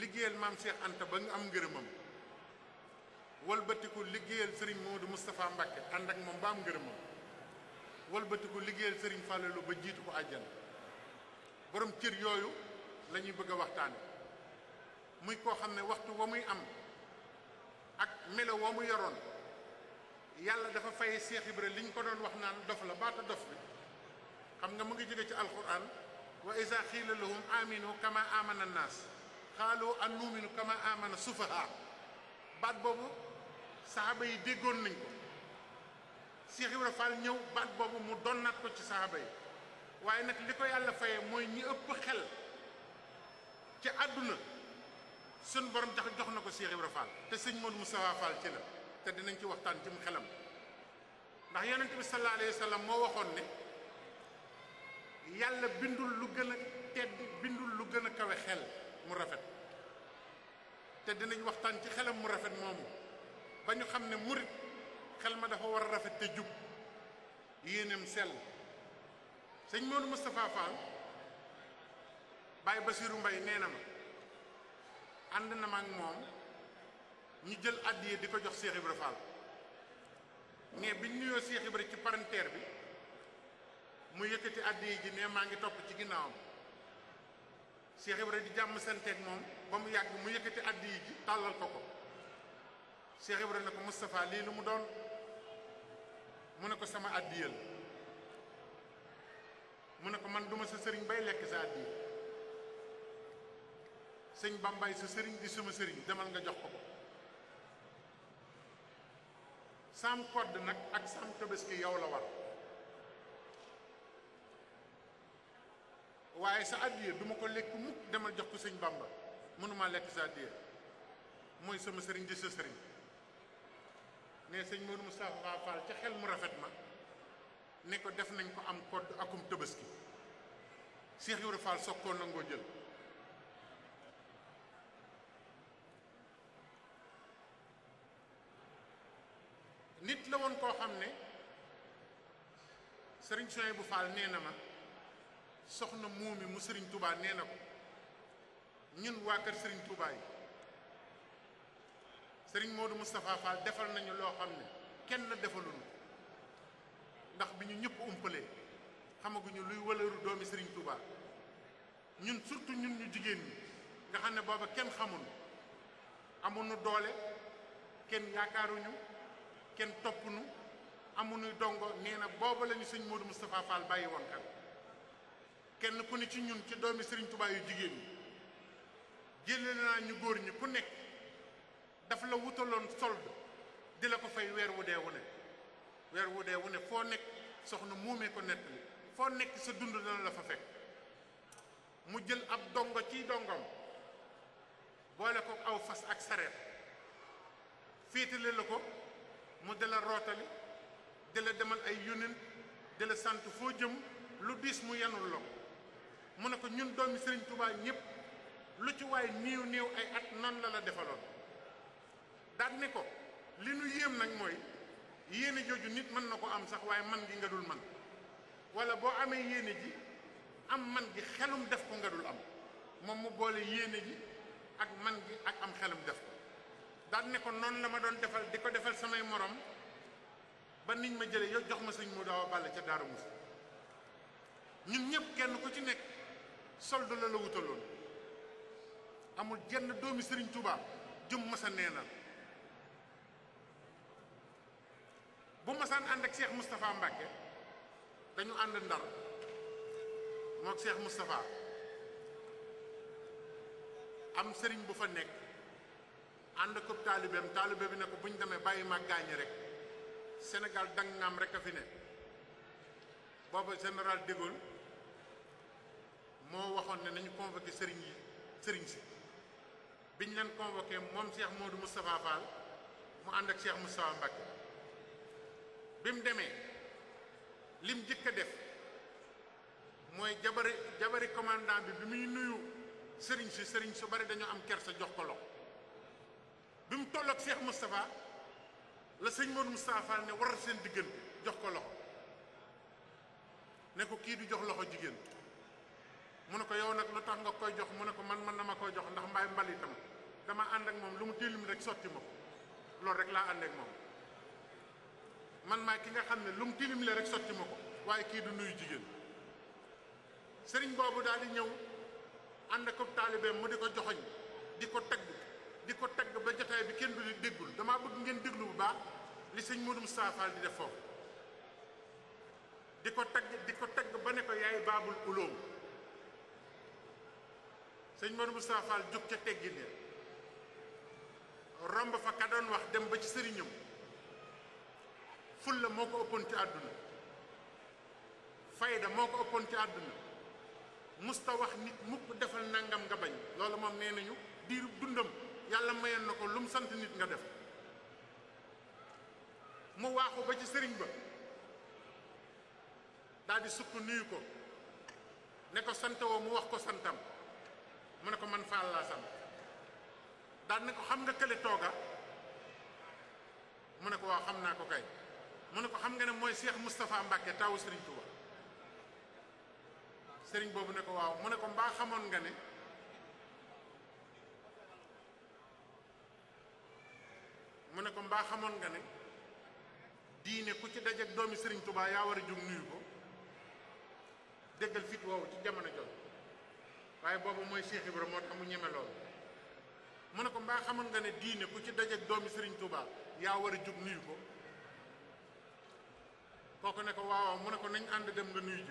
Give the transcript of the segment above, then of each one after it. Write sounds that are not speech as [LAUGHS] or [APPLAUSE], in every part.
liggéeyal maam Cheikh Anta ba nga am ngërëmam walbatiku liggéeyal Serigne Modou Moustapha Mbacke ànd ak moom ba am ngërëmam walbatiku liggéeyal Serigne Fallou ba jiitu ko àjjana borom cër yooyu lañuy ñuy bëgg a waxtaane muy koo xam ne waxtu wa muy am ak melo wa mu yoroon yàlla dafa fay Cheikh Ibra liñ ko doon wax naan dof la baata dof bi xam nga mu ngi jóge ci alquran wa isa xiila lahum kama amana قالوا أن نؤمن كما آمن السفهاء بعد بابو صحابي ديغون نينكو شيخ ابن فال نيو بعد بابو مو دونات كو سي صحابي واي نك ليكو يالا فاي موي ني اوب خيل تي ادنا سن بروم تخ جوخ نكو شيخ ابن فال تي سيغ مود مصطفى فال تي لا تي دي نانتي واختان تيم خلام ndax yonent bi sallallahu alayhi wasallam mo waxon ne yalla bindul lu gëna tedd bindul lu gëna kawé xel mu rafet te dinañ waxtaan ci xelam mu rafet moomu ba ñu xam ne murit xel ma dafa war a rafet te jub yéeneem sell sëñ Modou Moustapha Fall Baye Basirou Mbaye nee na ma ànd na ma moom ñu jël àddiya di ko jox Cheikh Ibra Fall bi ñu nuyoo Cheikh Ibra ci parenteer bi mu yëkkati àddiya ji ne maa ngi topp ci ginnaawam. Cheikh di jàmm santeeg moom ba mu yàgg mu yëkkati addi yi ji tàllal ko ko Cheikh na ko mustafaa lii lu mu doon mu ne ko sama addiyal mu ne ko man duma sa sëriñ bay lekk sa addi sëñ Bambay sa sëriñ di suma sëriñ demal nga jox ko ko saam kodd nag ak saam ki yow la war waaye sa addiya du ma ko lekk mukk demal jox ko sëñ Bamba mënuma lekk sa addiya mooy sama sëriñ di sa sëriñ ne sëñ Modou Moustapha Fall ca xel mu rafet ma ne ko def nañ ko am code akum tëbaski Cheikh Ibrahima Fall soog koo nangoo jël nit la woon koo xam ne sëriñ Soye bu Fall nee na ma soxna muumi mu sëriñ Touba nee na ko ñun waa kër sëriñ Touba yi sëriñ Modou Moustapha Fall defal nañu loo xam ne kenn la defaluñu ndax bi ñu ñëpp umpalee xamaguñu luy wëlëru doomi sëriñ Touba ñun surtout ñun ñu jigéen ñi nga xam ne booba kenn xamul amuñu doole kenn yaakaaruñu kenn toppuñu amuñu dongo nee na booba lañu sëñ Modou Moustapha Fall bàyyi woon kenn ku ne ci ñun ci doomi Serigne tubaayu jigéen ñi jëlee naa ñu góor ñi ku nekk daf la wutaloon solde di la ko fay weer wu dee wu ne weer wu dee wu ne foo nekk soxna muumee ko nett li foo nekk sa dund dana la fa fekk mu jël ab dongo ciy dongom boole ko aw fas ak sareet féetale la ko mu di la rootali di la demal ay yónent di la sant foo jëm lu diis mu yanul la mu ne ko ñun doomi Serigne Touba ñëpp lu ci waay niiw niiw ay at noonu la la defaloon daal ne ko li nu yéem nag mooy yéene jooju nit mën na ko am sax waaye man gi nga dul man wala boo amee yéene ji am man gi xelum def ko nga dul am moom mu boole yéene ji ak man gi ak am xelum def ko daal ne ko noonu la ma doon defal di ko defal samay morom ba niñ ma jëlee yow jox ma sëñ mu daaw a bàlle ca Daaru Muxti ñun ñëpp kenn ku ci nekk solde la la wutaloon amul jenn doomi sëriñ Touba jëm masa neenal bu masaan ànd ak Cheikh Moustapha Mbacke dañu ànd ndar mook Cheikh Moustapha am sëriñ bu fa nekk ànd ko taalibeem taalibe bi ne ko bu ñu demee bàyyi ma gaañi rek senegal dang naam rek a fi ne booba général de moo waxoon ne nañu convoqué sëriñ yi sëriñ si biñ leen convoqué moom Cheikh Modou Moustapha Fall mu ànd ak Cheikh Moustapha Mbacké bi mu demee lim jëkk a def mooy jabari jabari commandant bi bi muy nuyu sëriñ si sëriñ su bari dañoo am kersa jox ko loxo bi mu tolloog Cheikh Moustapha la sëñ Modou Moustapha Fall ne waral seen diggante jox ko loxo ne ko kii du jox loxo jigéen mu ne ko yow nag lu tax nga koy jox mu ne ko man mën na ma koy jox ndax mbaay mbalitam dama ànd ak moom lu mu tilim rek sotti ma ko loolu rek laa ànd ak moom man maay ki nga xam ne lu mu tilim le rek sotti ma ko waaye kii du nuyu jigéen sëriñ boobu daal di ñëw ànd ak taalibeem mu di ko joxoñ di ko tagg di ko tagg ba jotaay bi kenn du di déggul damaa bëgg ngeen déglu bu baax li sëñ Modou Moustapha Fall di def foofu di ko tagg di ko tagg ba ne ko yaay baabul ulóom sëñ Modou Moustapha Fall jóg ca teggin ya romb fa ka wax dem ba ci sëriñam fulla moo ko ëppoon ci àdduna fayda moo ko ëppoon ci àdduna musta wax nit mukk defal nangam nga bañ loolu moom nee nañu diiru dundam yàlla mayoon na ko lu mu sant nit nga def mu waaxu ba ci sëriñ ba daal di sukk nuyu ko ne ko sant woo mu wax ko santam mu ne ko man Fall daal ne ko xam nga kële tooga mu ne ko waaw xam naa ko kay mu ne ko xam nga ne mooy Cheikh Moustapha Mbacke taw Serigne Touba sëriñ boobu ne ko waaw mu ne ko mbaa xamoon nga ne mu ne ko mbaa xamoon nga ne diine ku ci dajeek doomi sëriñ Touba yaa war a jóg nuyu ko déggal fit woowu ci jamono jooju. waaye boobu mooy Cheikh Ibra moo tax mu ñeme loolu mu ne ko mbaa xamal nga ne diine ku ci dajeek doomi Serigne Touba yaa war a jug nuyu ko kooku ne ko waaw mu ne ko nañ ànd dem nga nuyu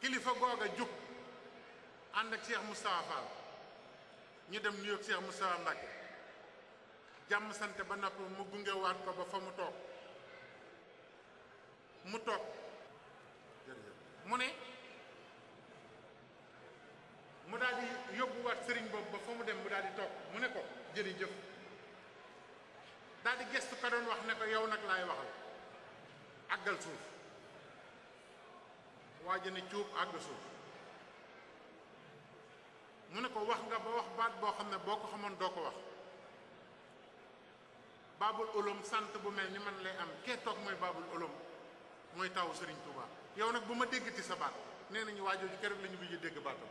kilifa googa a ànd ak Cheikh mu Fall ñu dem nuyu ak Cheikh Moustapha Mbacke jàmm sant ba napp mu gungewaat ko ba fa mu toog mu toog. gëstu ka wax ne ko yow nag laay waxal àggal suuf waa ji ne cuub àgg suuf mu ne ko wax nga ba wax baat boo xam ne boo ko xamoon doo ko wax baabul ulum sant bu mel ni man lay am kee toog mooy baabul ulum mooy taw Serigne Touba yow nag bu ma déggati sa baat nee nañu waajooju keroog la ñu bi dégg baatam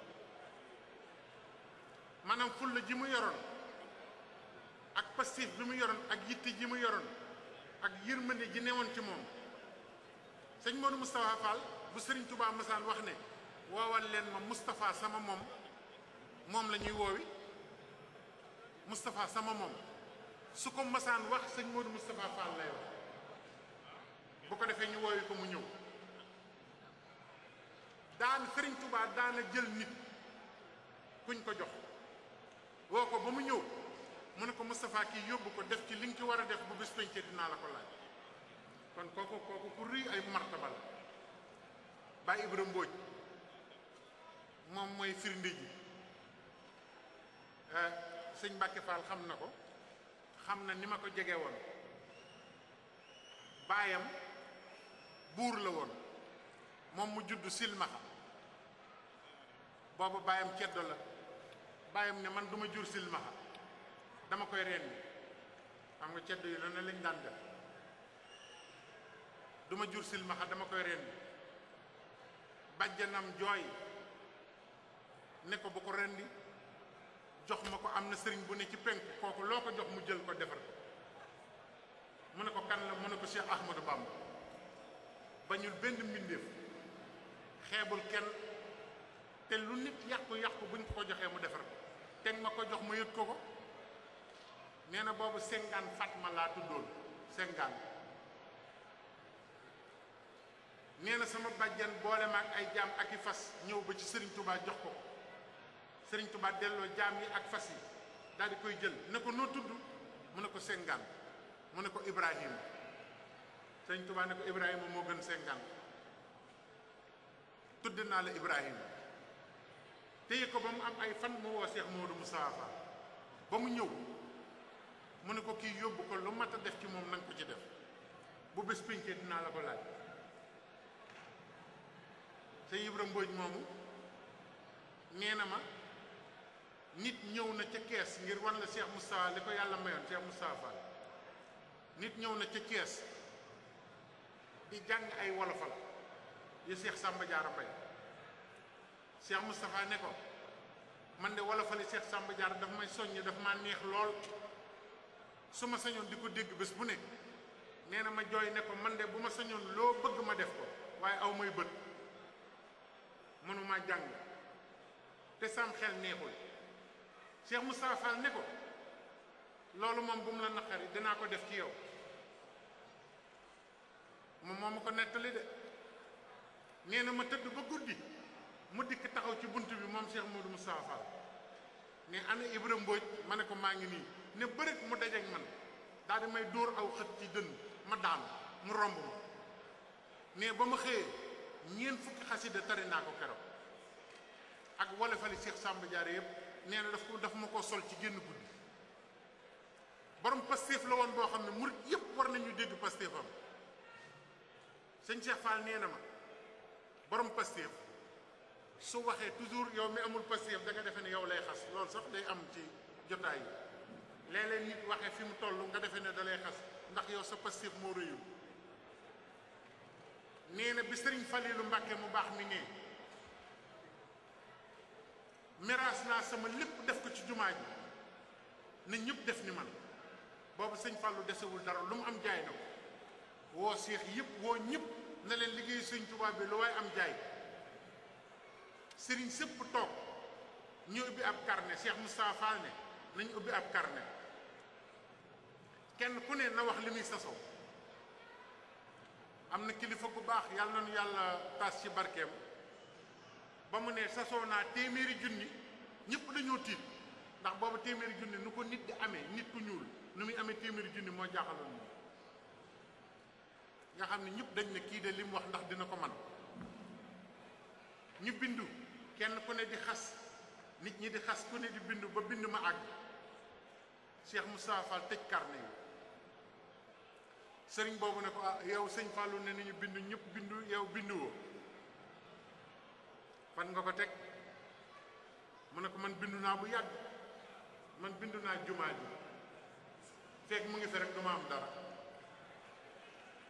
maanaam fulla ji mu yoroon ak pastif bi mu yoroon ak yitte ji mu yoroon ak yërmande ji woon ci moom sëñ Modou Moustapha Fall bu sëriñ Touba Masaan wax ne woowal leen ma mustafaa sama moom moom la ñuy woowi mustafaa sama moom su ko Masaan wax sëñ Modou Moustapha Fall lay bu ko defee ñu woowi ko mu ñëw daan sëriñ Touba daana jël nit kuñ ko jox woo ko ba mu ñëw mu ne ko Moustapha kii yóbbu ko def ci li nga ci war a def bu bés pencee naa la ko laaj kon kooku kooku ku rëy ay martaba la Baye moom mooy firnde ji eh, sëñ na ko xam na ni ma ko jege woon baayam buur la woon moom mu judd silmaxa boobu baayam ceddo la baayam ne man duma jur silmaxa dama koy reen xam nga ceddo yi lana lañ dan def duma jur silmaxa dama koy reen bajjanam joy, ne ko bu ko rendi jox ma ko am na sëriñ bu ne ci penk kooku loo ko jox mu jël ko defar ko mu ne ko kan la mu ne ko Cheikh Ahmadou Bamba bañul benn mbindeef xeebul kenn te lu nit yàqu yàqu buñ ko ko joxee mu defar ko teg ko jox ma yët ko nee na boobu Senghane Fatma laa tuddoon Senghane nee na sama bàjjan boole maag ay jaam ak i fas ñëw ba ci Serigne Touba jox ko Serigne Touba delloo jaam yi ak fas yi daal koy jël ne ko noo tudd mu ne ko Senghane mu ne ko Ibrahima Serigne Touba ne ko Ibrahima moo gën Senghane tudd naa la Ibrahima téye ko ba mu am ay fan mu woo Cheikh Modou Moustapha ba mu ñëw. mu ne ko kii yóbbu ko lu mat a def ci moom na nga ko ci def bu bés pincee dinaa la ko laaj te Ibra Mbóoj moomu nee na ma nit ñëw na ca kees ngir wan la Cheikh Moustapha li ko yàlla mayoon Cheikh Moustapha Fall nit ñëw na ca kees di jàng ay wolofal yu Cheikh Samba Diarra Mbaye mustafaa ne ko man de wolofali yi Samba Diarra daf may soññ daf ma neex lool suma sañoon di ko dégg bés bu ne nee na ma jooy ne ko man de bu ma sañoon loo bëgg ma def ko waaye aw may bët mënuma jàng te sam xel neexul Cheikh Moustapha Fall ne ko loolu moom bu mu la naqari dinaa ko def ci yow moom de nee ma tëdd ba guddi mu dikk taxaw ci bunt bi moom Cheikh Modou Moustapha Fall ne ana Ibra Mbodj ma ko maa ngi ne bëreet mu dajeeg man daal di may dóor aw xët ci dënn ma daan mu romb ma mais ba ma xëyee ñeent fukki xasida tari naa ko keroog ak wala fali Cheikh Samba Diarra yëpp nee na daf ko daf ma ko sol ci génn guddi borom Pastef la woon boo xam ne murit yépp war nañu dégg Pastefam sëñ Cheikh Fall nee na ma borom Pastef su waxee toujours yow mi amul Pastef da nga defe ne yow lay xas loolu sax day am ci jotaay yi léeg-léeg nit waxee fi mu toll nga defee ne dalay xas ndax yow sa pastif moo rëyul nee na bi sëriñ lu Mbàkke mu baax mi ne miraas naa sama lépp def ko ci jumaa ji ne ñëpp def ni man boobu sëñ Fallou desewul dara lu mu am jaay na ko woo seex yëpp woo ñëpp na leen liggéey sëñ Tuubaa bi lu waay am jaay sëriñ sëpp toog ñu ubbi ab carnet Cheikh mu Fall ne nañ ubbi ab carnet kenn ku ne na wax li muy sasoo am na kilifa gu baax yàlla na nu yàlla taas ci barkeem ba mu nee sasoo naa téeméeri junni ñépp dañoo tiit ndax boobu téeméeri junni nu ko nit di amee nit ku ñuul nu muy amee téeméeri junni moo jaaxaloon moom nga xam ne ñëpp dañ ne kii de li wax ndax dina ko man ñu bindu kenn ku ne di xas nit ñi di xas ku ne di bindu ba bindu ma àgg Cheikh mu saafal tëj carnet yi sëriñ boobu ne ko ah yow sëñ Fallou ne ñu bindu ñëpp bindu yow binduwoo fan nga ko teg mu ne ko man bindu naa bu yàgg man bindu naa jumaa ji feeg mu ngi fi rek du ma am dara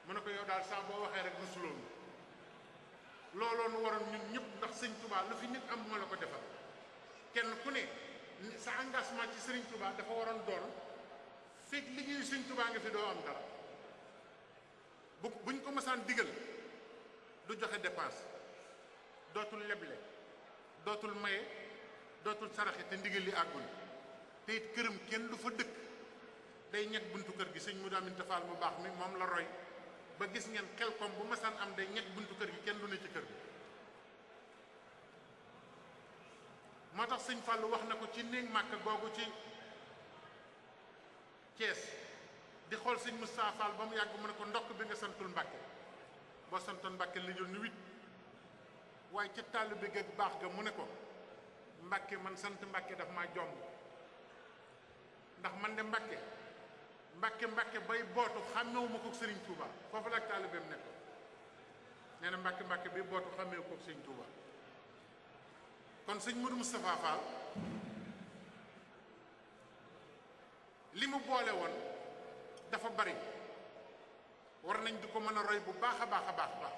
mu ne ko yow daal saa boo waxee rek musuloon looloo nu waroon ñun ñëpp ndax sëñ tubaa lu fi nit am ma la ko defal kenn ku ne sa engagement ci sëriñ Touba dafa waroon doon feeg liggéeyu sëñ Touba nga fi doo am dara bu buñ ko mësaan digal du joxe dépense dootul leble dootul maye dootul saraxe te ndigal li àggul it këram kenn du fa dëkk day ñett buntu kër gi sëñ mu daamin tafaal mu baax mi moom la roy ba gis ngeen xel kom bu masaan am day ñett buntu kër gi kenn du ne ci kër gi moo tax suñ Fallou wax na ko ci néeg màkk googu ci Thiès di xol seigne moussa Fall bam yag mu ne ko ndokk bi nga santul mbacke boo santon mbacke li jël nu wit way ci taalibe gi ak baax ga mu ne ko mbacke man sant mbacke daf ma jom ndax man de mbacke mbacke mbacke bay botu xamew mako seigne touba fofu la ak taalibeem ne ko nee mbacke Mbàkke Mbàkke bay bootu ko seigne touba kon seigne Modou Moustapha Fall limu mu boole dafa bari war nañ di ko mën a roy bu baax a baax a baax baax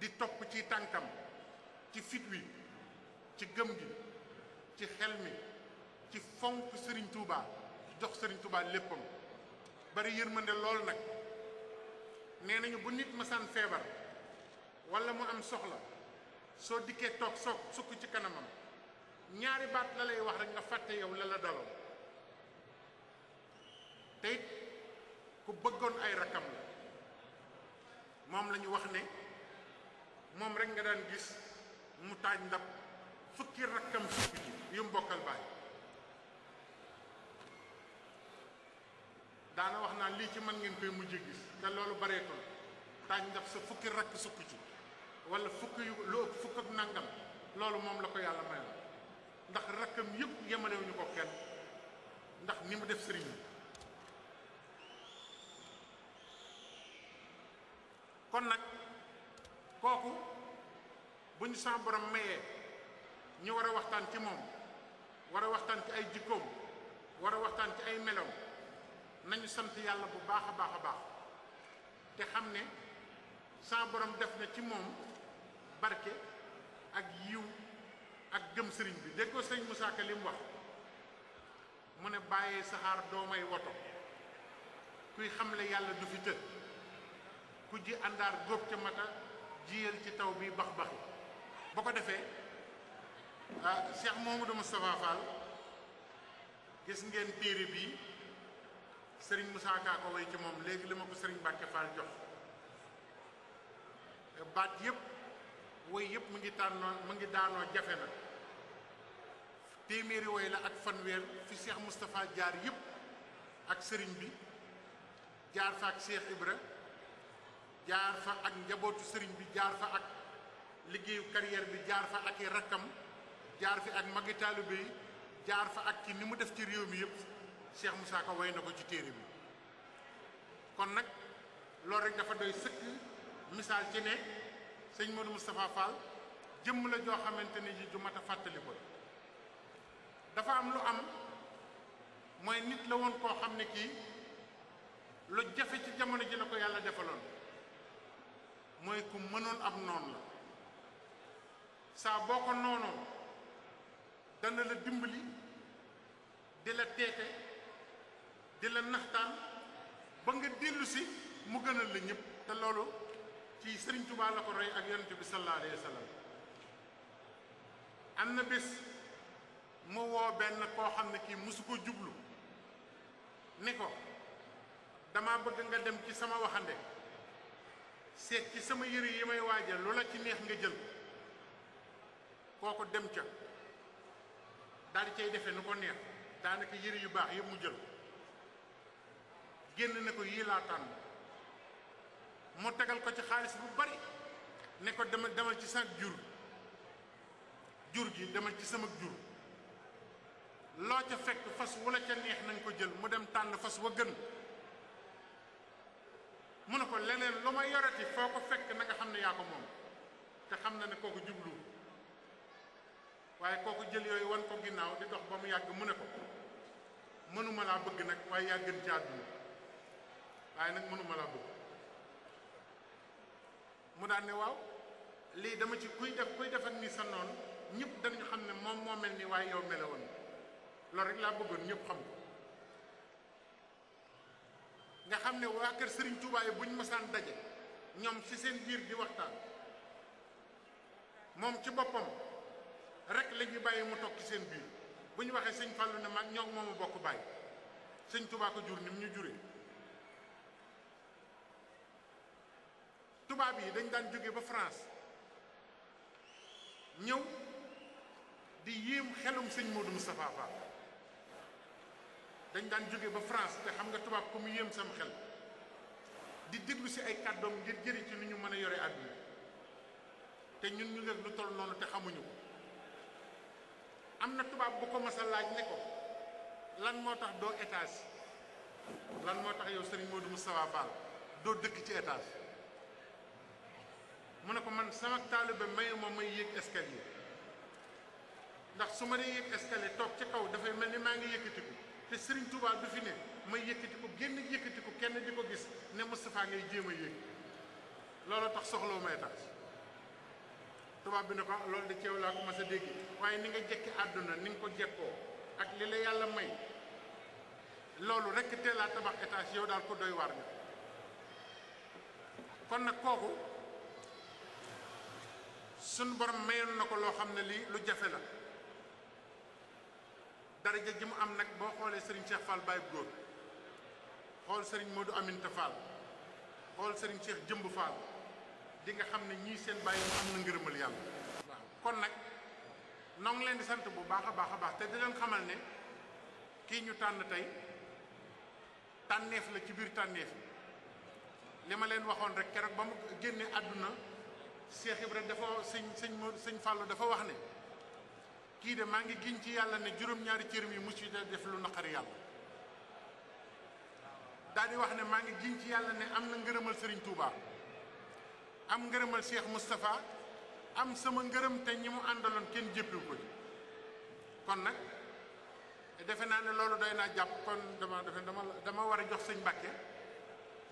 di topp ci tànkam ci fit wi ci gëm gi ci xel mi ci fonk sëriñ Touba jox Serigne Touba léppam bari yërmande lool nag nee nañu bu nit masaan feebar wala mu am soxla soo dikkee toog soog sukk ci kanamam ñaari baat la lay wax rek nga fàtte yow la la daloon te ku bëggoon ay rakkam la moom la ñu wax ne moom rek nga daan gis mu taaj ndab fukki rakkam fukki yu mu baay daana wax naa lii ci man ngeen koy mujj gis te loolu bareetul taaj ndab sa fukki rakk sukk ci wala fukki yu lu ëpp fukk ak nangam loolu moom la ko yàlla mayoon ndax rakkam yëpp yemalewuñu ko kenn ndax ni mu def sëriñ kon nag kooku bu ñu sama borom mayee ñu war a waxtaan ci moom war a waxtaan ci ay jikkoom war a waxtaan ci ay meloom nañu sant yàlla bu baax a baax a baax te xam ne sama borom def na ci moom barke ak yiw ak gëm sëriñ bi dégg ko sëriñ Moussa Ka mu wax mu ne bàyyee saxaar doomay woto kuy xamle yàlla du fi të ku ji àndaar góob ca mata jiyal ci taw bi bax baxi ba ko defee ah Cheikh Mouhamadou Moustapha Fall gis ngeen téere bi Serigne Moussa Ka ko way ci moom léegi li ma ko Serigne Mbacke Fall jox baat yëpp way yëpp mu ngi tànnoon mu ngi daanoo jafe na téeméeri way la ak fanweer fi Cheikh Moustapha jaar yépp ak sëriñ bi jaar fa ak Cheikh Ibra jaar fa ak njabootu sëriñ bi jaar fa ak liggéeyu carrière bi jaar fa ak i rakkam jaar fi ak magi taalibe jaar fa ak ci ni mu def ci réew mi yëpp Cheikh Moussa Ka way na ko ci téere bi kon nag loolu rek dafa doy sëkk misaal ci ne sëñ Modou Moustapha jëmm la joo xamante ne ji du mat a fàttali ko dafa am lu am mooy nit la woon koo xam ne kii lu jafe ci jamono ji la ko yàlla defaloon mooy ku mënoon ab noon la saa boo ko noonoo dana la dimbali di la teete di la naxtaan ba nga dellu si mu gënal la ñëpp te loolu ci Sëriñ Tuubaa la ko roy ak yonent bi am na bés mu woo benn koo xam ne kii mosu ko jublu ni ko dama bëgg nga dem ci sama waxande seet ci sama yére yi may waajal lu la ci neex nga jël koo ko dem ca daal di cay defee nu ko neex daanaka yëre yu baax yëpp mu jël génn na ko yii laa tànn mu tegal ko ci xaalis bu bari ne ko demal demal ci sa jur jur gi demal ci sama jur loo ca fekk fas wu la ca neex nañ ko jël mu dem tànn fas wa gën mu ne ko leneen lu ma yoreti foo ko fekk na nga xam ne yaa ko moom te xam na ne kooku jublu waaye kooku jël yooyu wan ko ginnaaw di dox ba mu yàgg mu ne ko mënuma laa bëgg nag waaye yaa gën ci waaye nag mënuma laa bëgg mu daan ne waaw lii dama ci kuy def kuy def ak ni sa noonu ñëpp dañu xam ne moom moo mel ni waaye yow mele woon loolu rek laa bëggoon ñëpp xam ko nga xam ne waa kër Serigne Touba yi buñ masaan daje ñoom ci seen biir di waxtaan moom ci boppam rekk la ñuy bàyyi mu toog ci seen biir bu ñu waxee sëñ Fallou ne mag ñoo moom bokk bàyyi sëñ Touba ko jur ni ñu juree. tubaab yi dañ daan jóge ba France ñëw di yéem xelum sëñ Modou Moustapha Fall dañ daan jóge ba France te xam nga tubaab ko mu yéem sama xel di déglu si ay kàddoom ngir jëri ci lu ñu mën a yore àdduna te ñun ñu ngeeg lu toll noonu te xamuñu ko am na tubaab bu ko mas ne ko lan moo tax doo étage lan moo tax yow Serigne Modou Moustapha Fall doo dëkk ci étage mu ne ko man sama taalibe mayu ma may yéeg escalier ndax su ma dee yéeg escalier toog ci kaw dafay mel ni maa ngi yëkkatiku te Serigne Touba du fi ne may yëkkati ko génn yëkkati ko kenn di ko gis ne Moustapha ngay jéem a yéeg loolu tax soxlawu ma étage tubaab bi ne ko loolu de ceew laa ko mas a dégg waaye ni nga jekki àdduna ni nga ko jekkoo ak li la yàlla may loolu rek laa tabax étage yow daal ko doy waar nga kon nag kooku suñ borom mayoon na ko loo xam ne lii lu jafe la daraja ji mu am nag boo xoolee sëriñ Cheikh Fall Baye góor xool sëriñ Modou Aminta Fall xool sëriñ Cheikh Jëmb Fall di nga xam ne ñii seen bàyyi mu am na ngërëmal yàlla waaw kon nag noo ngi leen di sant bu baax a baax a baax te di leen xamal ne kii ñu tànn tey tànneef la ci biir tànneef li ma leen waxoon rek keroog ba mu génnee àdduna Cheikh Ibra dafa sëñ sëñ Modou sëñ Fallou dafa wax ne kii de maa ngi giñ ci yàlla ne juróom-ñaari cëram yi musu da def lu naqari yàlla daal wax ne maa ngi giñ ci yàlla ne am na ngërëmal Serigne Touba am ngërëmal Cheikh Moustapha am sama ngërëm te ñi mu àndaloon kenn jéppiwu ko kon nag defe naa ne loolu doy naa jàpp kon dama defe dama dama war a jox sëñ Mbàkke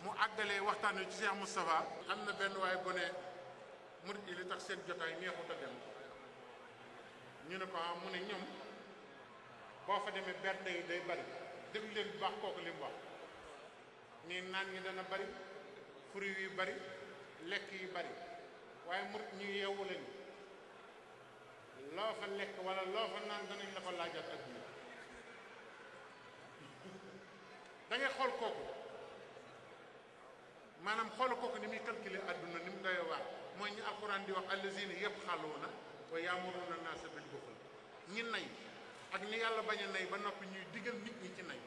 mu àggalee waxtaan wi ci Cheikh Moustapha am na benn waaye bone ne murid yi li tax seen jotaay neexut a dem ñu ne ko ah mu ne ñoom boo fa demee bernde yi day bari déglu leen bu baax kooku li mu wax nii naan yi dana bari fruit yu bari lekk yu bari waaye murit ñu yeewu lañu loo fa lekk wala loo fa naan danañ la ko laajal ak ñu [LAUGHS] dangay xool kooku maanaam xoolu kooku ni muy calculer àdduna ni mu doy waar mooy ñu alxuraan di wax allazina yëpp xàlluwu na wa yaamuruna naasa bil buxl ñi nay ak ni yàlla bañ a nay ba noppi ñuy digal nit ñi ci nay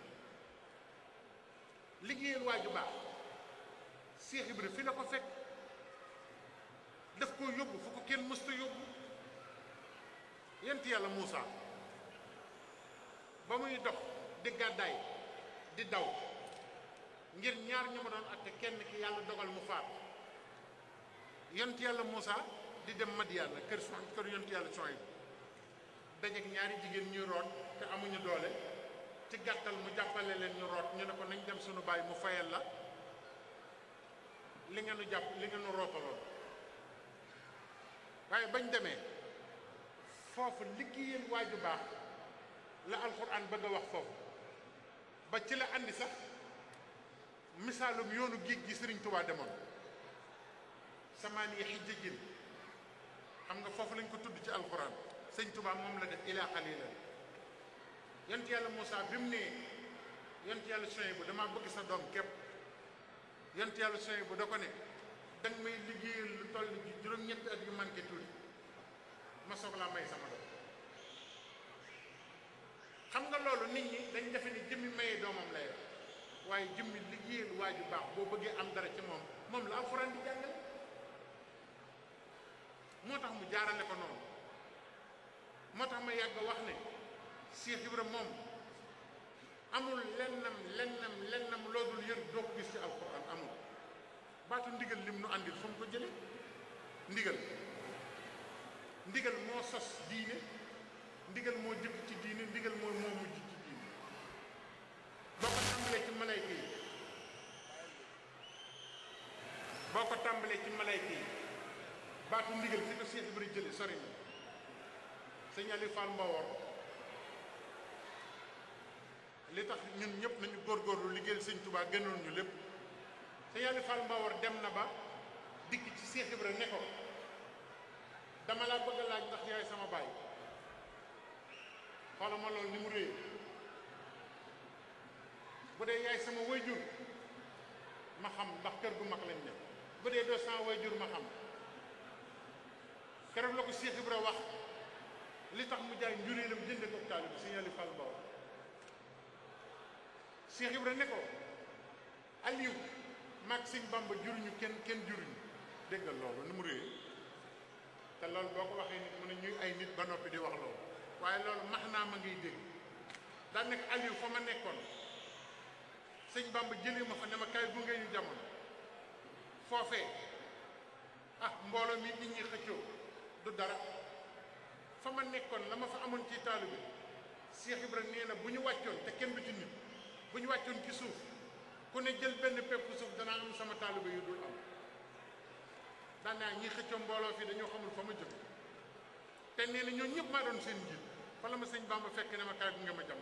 liggéeyal waa ju baax Cheikh Ibra fi la ko fekk daf koo yóbbu fu ko kenn mësta yóbbu yent yàlla muusa ba muy dox di gàddaay di daw ngir ñaar ñu ma doon atte kenn ki yàlla dogal mu faat yent yàlla Moussa di dem Madiyaana kër sox kër yontu yàlla sooy yi dajeek ñaari jigéen ñuy root te amuñu doole ci gàttal mu jàppale leen ñu root ñu ne ko nañ dem sunu baay mu fayal la li nga nu jàpp li nga nu rootaloon waaye bañ demee foofu liggéeyal waaju baax la alxuraan bëgg a wax foofu ba ci la andi sax misaalum yoonu géej gi Sëriñ Tuubaa demoon samaani xijjajin alquran sëñ Tuubaa moom la def ila xalila yont yàlla Moussa bi mu nee yont yàlla soñ bu damaa bëgg sa doom képp yont yàlla soñ bu da ko ne danga may liggéeyal lu toll ji juróom-ñetti at yu manqué tuuti ma soog laa may sama doom xam nga loolu nit ñi dañ defe ni jëmmi mayee doomam lay waaye jëmmi liggéeyal waa ju baax boo bëggee am dara ci moom moom la alxuraan di jàngale moo tax mu jaarale ko noonu moo tax ma yàgg wax ne Cheikh Ibra moom amul lennam lennam lennam loodul doo ko gis ci alxuraan amul baatu ndigal lim nu àndil fu mu ko jële ndigal ndigal moo sos diine ndigal moo jëkk ci diine ndigal mooy moo mujj ci diine boo ko tàmbalee ci malayka yi boo ko tàmbalee ci malayka yi baatu ndigal fi ko Cheikh Ibra jële sori sëñ Aliou Fall Mbawor li tax ñun ñëpp nañu gor gor lu liggéeyal sëñ Touba gënal ñu lepp sëñ Aliou Fall Mbawor dem na ba dik ci Cheikh ibrahim ne ko dama la bëgg laaj ndax yaay sama bay xoolal ma loolu ni mu réy bu dé yaay sama wayjur ma xam ndax kër gu mak lañ ne bu dé doo sama wayjur ma xam kërëm la ko Cheikh ibrahim wax li tax mu jaay njuréelam jënde ko taalib Serigne Aliou Fall Bawol Cheikh Ibra ne ko Aliou mag Serigne Bamba juruñu kenn kenn juruñu loolu nu mu réer te lool boo ko waxee nit mu ne ñuy ay nit ba noppi di wax loolu waaye loolu max naa ma ngay dégg daan nekk fa ma nekkoon Serigne Bamba jëlee ma fa ne ma kay gunge ñu jamono foofee ah mbooloo mi nit ñi xëccoo du dara fa ma nekkoon la ma fa amoon ci taalibe Cheikh Ibrahima nee na bu ñu wàccoon te kenn du ci bu ñu wàccoon ci suuf ku ne jël benn pepp suuf danaa am sama taalibe yu dul am daanaa ñi xëccoo mbooloo fii dañoo xamul fa ma jëm te nee na ñoo ñëpp maa doon seen njiit fa la ma sëñ Bamba fekk ne ma kaay bi nga ma jam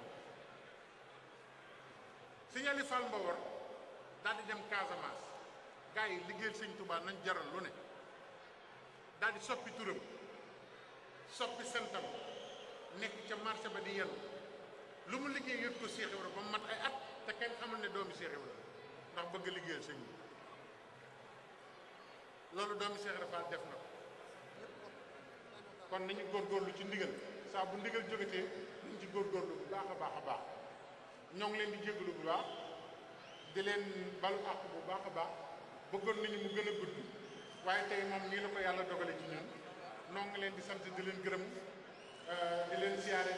sëñ Ali Fall Mbawar daal di dem Casamance gars yi liggéeyal sëñ Touba nañ jaral lu ne daal di soppi turam soppi santam nekk ca marché ba di yenu lu mu liggéey yót ko Cheikh ba mat ay at te kenn xamul ne doomi Cheikh Ibrahima ndax bëgg liggéeyal sëñ bi loolu doomi Cheikh Ibrahima def na ko kon nañu góorgóorlu ci ndigal saa bu ndigal jógatee nañ ci góorgóorlu bu baax a baax a baax ñoo ngi leen di jégalu bu baax di leen balu àq bu baax a baax bëggoon nañu mu gën a gudd waaye tey moom nii la ko yàlla dogale ci ñun noo leen di sant di leen gërëm euh, di leen siyaare